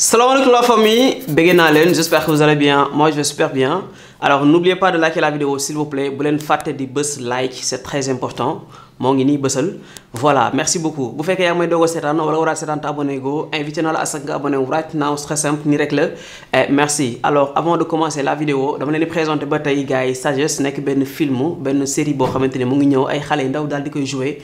Salam alaikum la famille, j'espère que vous allez bien, moi je vais super bien. Alors n'oubliez pas de liker la vidéo s'il vous plaît, vous voulez faire des buzz like, c'est très important. Mangini buzzle voilà merci beaucoup Vous faites que may avez go la à right now c'est simple eh, merci alors avant de commencer la vidéo dama vais vous présenter ba tey sagesse ben film une série Vous avez ngi avez ay jouer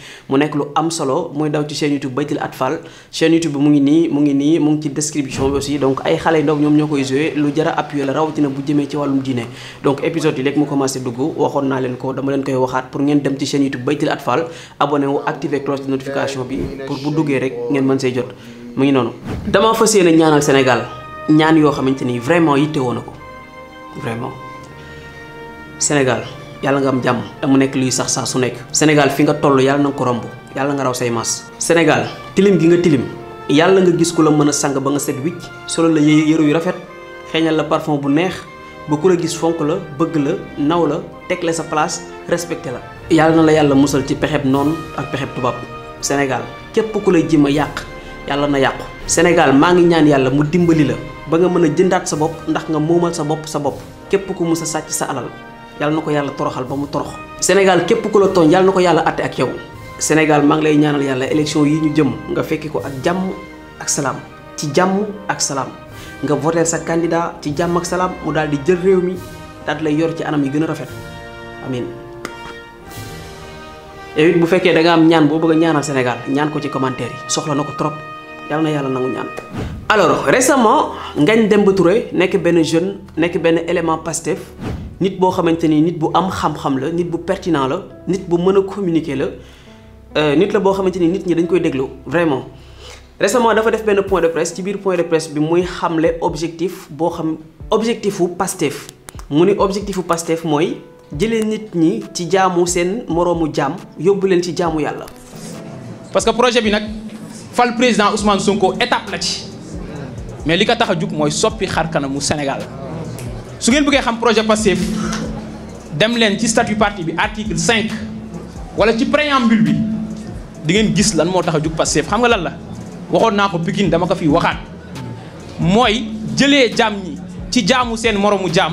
am solo chaîne YouTube Baytil Atfal chaîne YouTube vous ngi description donc ay ndaw jouer vous avez appuyer la donc épisode yi mu commencé vous avez vous ko dama koy avez pour ngeen dem chaîne YouTube Atfal activer cloche de notification bi pour bu duggee rek ngeen mën see jot mu ngi noonu. dama fas yéene ñaanal Sénégal ñaan yoo xamante ni vraiment yittewoo na ko vraiment Sénégal yàlla nga am jàmm te mu nekk luy sax saa su nekk. Sénégal fi nga toll yàlla na nga ko romb yàlla nga raw say mas Sénégal tilim gi nga tilim yàlla nga gis ku la mën a sang ba nga set wicc solo la yëre yu rafet xeeñal la parfon bu neex ba ku la gis fonk la bëgg la naw la teg la sa place respecté la. yàlla na la yàlla musal ci pexeb noonu ak pexeb tubaab sénégal képp ku lay jima yàq yàlla na yàqu sénégal maa ngi ñaan yàlla mu dimbali la ba nga mën a sa bopp ndax nga moomal sa bopp sa bopp képp ku musa sàcc sa alal yàlla na ko yàlla toroxal ba mu torox sénégal képp ku la tooñ yàlla na ko yàlla atte ak yow sénégal maa ngi lay ñaanal yàlla élection yi ñu jëm nga fekki ko ak jàmm ak salaam ci jàmm ak salaam nga voter sa candidat ci jàmm ak salaam mu daal di jël réew mi daal lay yor ci anam yi gën rafet amin yow it bu fekkee da am ñaan boo bëgg a ñaanal Sénégal ñaan ko ci commentaire yi soxla na ko trop yàlla na yàlla nangu ñaan. alors récemment Ngagne Demba Touré nekk benn jeune nekk benn élément Pastef nit boo xamante ni nit bu am xam-xam la nit bu pertinant la nit bu mën a communiquer la euh, nit la boo xamante ni nit ñi dañ koy déglu vraiment. récemment dafa def benn point de presse ci biir point de presse bi muy xamle objectif boo xam objectifu Pastef mu ni objectifu Pastef mooy. jëlee nit ñi ci jaamu seen moroomu jaam yóbbu leen ci jaamu yàlla. parce que projet bi nag fal président Ousmane Sonko étape la ci mais li ko tax a jug mooy soppi xar mu Sénégal su ngeen bëggee xam projet Pastef dem leen ci statut parti bi article 5 wala ci préambule bi di ngeen gis lan moo tax a jug Pastef xam nga lan la waxoon naa ko Pikine dama ko fi waxaat mooy jëlee jaam ñi ci jaamu seen moroomu jaam.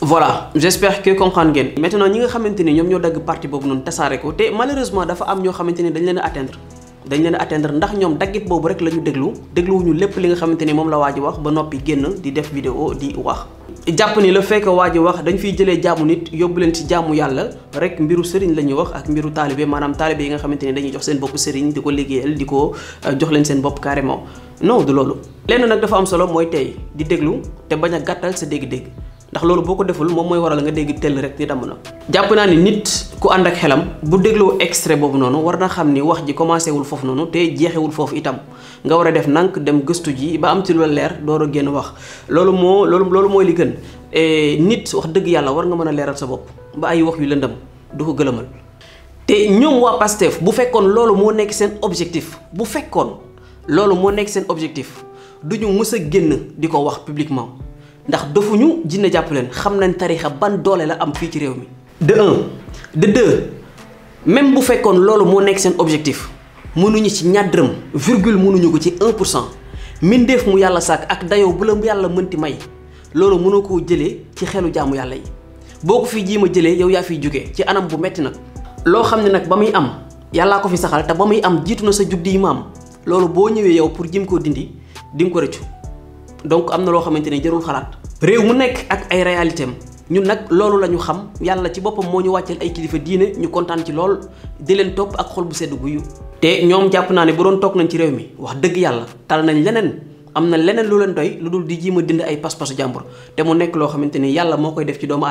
voilà j'espère que comprendre ngeen maintenant ñi nga xamante ni ñoom ñoo dagg parti boobu noonu tasaare ko te malheureusement dafa am ñoo xamante ni dañ leen a atteindre dañ leen atteindre ndax ñoom daggit boobu rek lañu déglu déglu wuñu lépp li nga xamante ni moom la waa wax ba noppi génn di def vidéo di wax jàpp ni le fait que ji wax dañ fiy jëlee jaamu nit yóbbu leen ci jaamu yàlla rek mbiru sëriñ la ñuy wax ak mbiru taalibe maanaam taalibe yi nga xamante ni dañuy jox seen bopp sëriñ di ko liggéeyal di ko euh, jox leen seen bopp carrément non du loolu lenn nag dafa am solo mooy tey di déglu te bañ a gàttal sa dégg-dégg ndax loolu boo ko deful moom mooy waral nga dégg tel rek di dam na jàpp naa ni nit ku ànd ak xelam bu dégloo extrait boobu noonu war na xam ni wax ji commencé wul foofu noonu te jeexewul foofu itam nga war a def nank dem gëstu ji ba am ci lu leer door a wax loolu moo loolu loolu mooy li gën e, nit wax dëgg yàlla war nga mën a leeral sa bopp ba ay wax yu lëndam du ko gëlëmal te ñoom waa pastef bu fekkoon loolu moo nekk seen objectif bu fekkoon loolu moo nekk seen objectif duñu a génn di ko wax publiquement ndax dofuñu jinne jàpp leen xam nañ tarixa ban doole la am fii ci réew mi. de un de deux même bu fekkoon loolu moo nekk seen objectif mënuñu ci ñaar dërëm virgule mënuñu ko ci un pour cent mbindeef mu yàlla sàkk ak dayoo bu la yàlla mënti may loolu mënoo koo jëlee ci xelu jaamu yàlla yi boo ko fi jiima jëlee yow yaa fiy jógee ci anam bu metti nag. loo xam ne nag ba muy am yàllaa ko fi saxal te ba muy am jiitu na sa jug di maam loolu boo ñëwee yow pour jim koo dindi di nga ko rëccu. donc nous lo xamanteni xalaat rew mu nek ak ay réalité ñun nak loolu la xam yalla ci bopam fait. ñu wàcceel ay kilifa diine ñu kontaan ci lool di leen top ak xol bu te ñoom japp naa bu doon tok nañ ci rew mi wax dëgg yalla tal nañ lenen amna lenen lu fait. doy di jima dind ay pas-pasu jambour té mu nek lo y yalla mo koy def ci doomu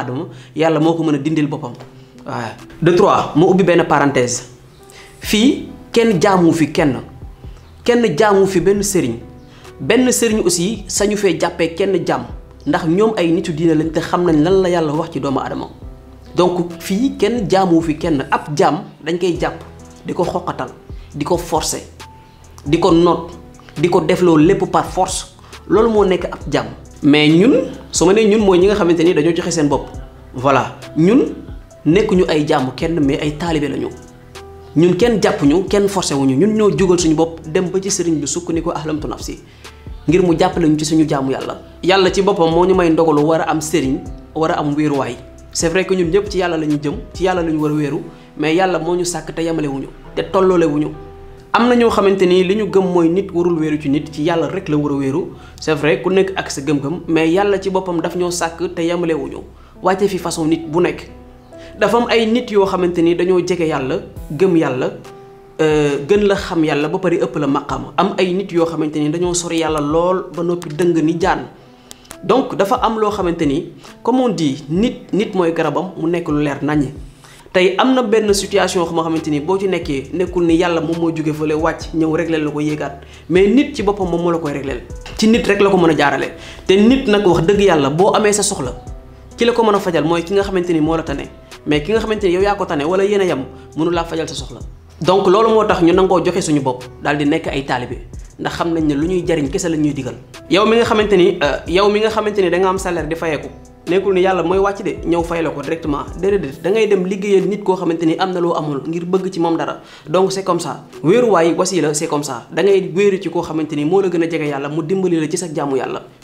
yalla moko mëna dindil de trois mu ubbi parenthèse fi kenn jaamu fi kenn kenn jaamu fi ben benn sëriñ aussi sañu fee jàppee kenn jàmm ndax ñoom ay nitu diine lañ te xam nañ lan la yàlla wax ci doomu donc fii kenn fi kenn ab dañ koy jàpp di ko xoqatal di ko forcer di ko noot di par force loolu moo nekk ab mais ñun su ma nee ñun mooy ñi nga xamante ni dañoo joxe seen nous. voilà ñun nekkuñu ay kenn mais ay taalibe lañu ñun kenn jàppuñu kenn forcé wuñu ñun ñoo suñu bopp dem ba ci sëriñ bi sukk ni ahlamtu nafsi ngir mu jàppale ñu ci suñu jaamu yàlla yàlla ci boppam moo ñu may ndogalu war a am sëriñ war a am wéeruwaay c'est vrai que ñun ñëpp ci yàlla la ñu jëm ci yàlla la war a wéeru mais yàlla moo ñu sàkk te yemale te tolloole am na ñoo xamante ni li ñu gëm mooy nit warul wéeru ci nit ci yàlla rek la war a wéeru c'est vrai ku nekk ak sa gëm-gëm mais yàlla ci boppam daf ñoo sàkk te yemale wuñu wàcce fi façon nit bu nekk dafa am ay nit yoo xamante ni dañoo jege yàlla gëm yàlla Euh, gën la xam yàlla ba pare ëpp la maqaama am ay nit yoo xamante ni dañoo sori yàlla lool ba noppi dëng ni jaan donc dafa am loo xamante ni comme on dit nit nit mooy garabam mu nekk lu leer naññ tey am na benn situation xam nga xamante ni boo ci nekkee nekkul ni yàlla moom moo jóge fële wàcc ñëw régleel la ko yéegaat mais nit ci boppam moom moo la koy régleel ci nit rek la ko mën a jaarale te nit nag wax dëgg yàlla boo amee sa soxla ki la ko mën a fajal mooy ki nga xamante ni moo la tane mais ki nga xamante ni yow yaa wala yéen a yem mënu fajal soxla donc loolu moo tax ñu nangoo joxe suñu bopp daal di nekk ay taalibe ndax xam nañ lu ñuy jariñ kese la ñuy digal yow mi nga xamante ni euh, yow mi nga xamante ni danga nga am salaire di fayeeku nekkul ni yàlla mooy wàcc de ñëw fay la ko directement déedéet da ngay dem liggéeyal nit koo xamante ni am na loo amul ngir bëgg ci moom dara donc c' sa comme ça wéeruwaay wasiila c' est comme wéeru ci koo xamante ni moo la gën a jege yàlla mu dimbali la ci sa jaamu yàlla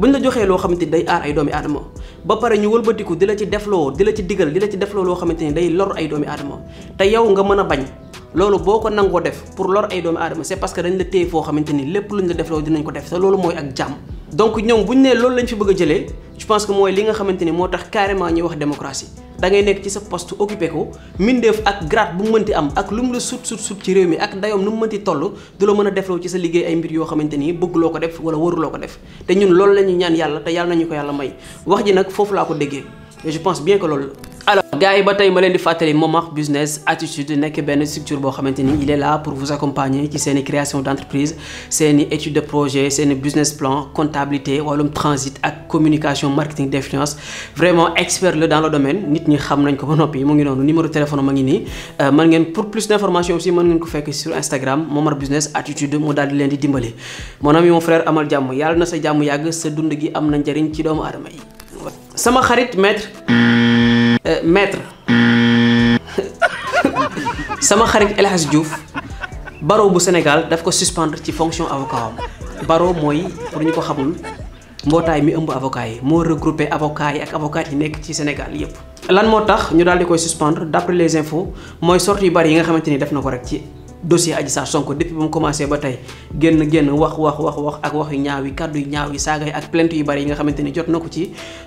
buñ la joxee loo xamante ni day aar ay doomi aadama ba pare ñu wëlbatiku di la ci defloo di la ci digal di la ci defloo loo xamante ni day lor ay doomi aadama te yow nga mën a bañ loolu boo ko nangoo def pour lor ay doomi aadama c'est parce que dañ la téye foo xamante ni lépp luñ la defloo dinañ ko def te loolu mooy ak jàmm donc ñoom buñ nee loolu lañ fi bëgg a jëlee je pense que mooy li nga xamante ni moo tax carrément ñuy wax démocratie da ngay nek ci sa poste occupé ko mindeef ak grade bu meunti am ak lu la sut sut sut ci réew mi ak dayom num meunti tollu toll du la mën a ci sa liggéey ay mbir yo xamanteni bëgg def wala waru loko def te ñun loolu lañu ñaan yalla te yalla nañu ko yalla may wax ji nak fofu la ko déggé je pense bien que loolu alors gars yi ba tey ma leen di fàttali Momar Business Attitude nekk benn structure boo xamante il est là pour vous accompagner ci seeni création d'entreprise, entreprise seeni étude de projet seeni business plan comptabilité wàllum transit ak communication marketing d' vraiment expert la dans le domaine nit ñi xam nañ ko ba noppi mu ngi noonu numéro téléphone ma ngi nii euh, mën ngeen pour plus d'informations, aussi mën ngeen ko fekk sur Instagram Momar Business Attitude mu daal di leen di dimbali mon ami mon frère amal jàmm yàlla na sa jàmm yàgg se dund gi am na njëriñ ci doomu aadama sama xarit maître euh, maître sama El Diouf barreau Sénégal daf ko suspendre ci fonction avocat am barreau pour ñu ko xamul mi ëmb avocat yi avocat yi ak avocat yi nek Sénégal yépp lan ñu di koy suspendre d'après les infos moy sortie bari yi nga def dossier depuis que commencé à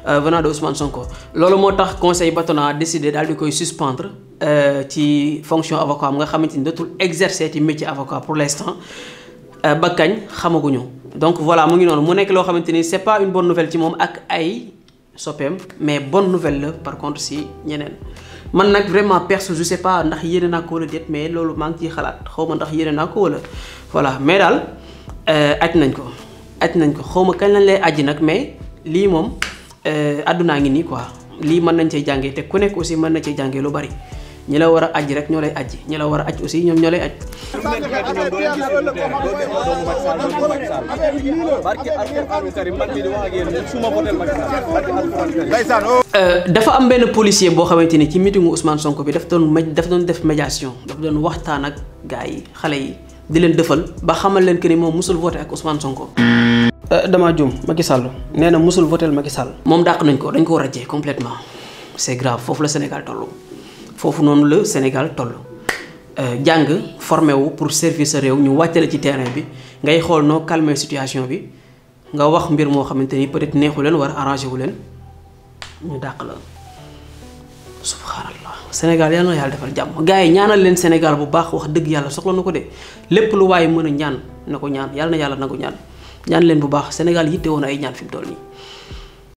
euh, de Ousmane conseil a décidé de suspendre euh, ci fonction avocat nga exercer métier d'avocat pour l'instant euh, xamaguñu. donc voilà Ce n'est pas une bonne nouvelle pour moi, mais bonne nouvelle par contre si man nak vraiment perso je sais pas ndax yene naa ko wala mais loolu mang ci xalat xawma ndax yene naa ko wala voilà mais dal euh aj nañ ko aj nañ ko xawma kan kañ lañ lay aji nak mais li mom euh aduna ngi ni quoi li mën nañ ci jangé té ku nek aussi mën na ci jangé lu bari. ñi la war a aj rek ñoo lay aj ñi la war a aussi ñoo lay aj euh, dafa am benn policier boo xamante ni ci meetingu Ousmane Sonko bi daf doon daf doon def médiation daf doon waxtaan ak gars yi xale yi di leen dëfal ba xamal leen que moom musul voté ak Ousmane Sonko. Euh, damaa juum Macky Sall nee na musul voté Macky Sall. moom dàq nañ ko dañ ko war a jee complètement c'est grave foofu la Sénégal tollu. foofu noonu la Sénégal euh jang formé wu pour service sa ñu waccé la ci terrain bi ngay xol no calmer situation bi nga wax mbir mo xamanteni peut-être neexu len war arrangé wu len ñu dakk la subhanallah Sénégal yal no yalla defal jamm gaay ñaanal len Sénégal bu baax wax dëgg yalla soxla nako ko de lépp lu way mëna ñaan nako ñaan yalla na yalla na ñaan ñaan len bu baax Sénégal yitté won ay ñaan fi mu toll nii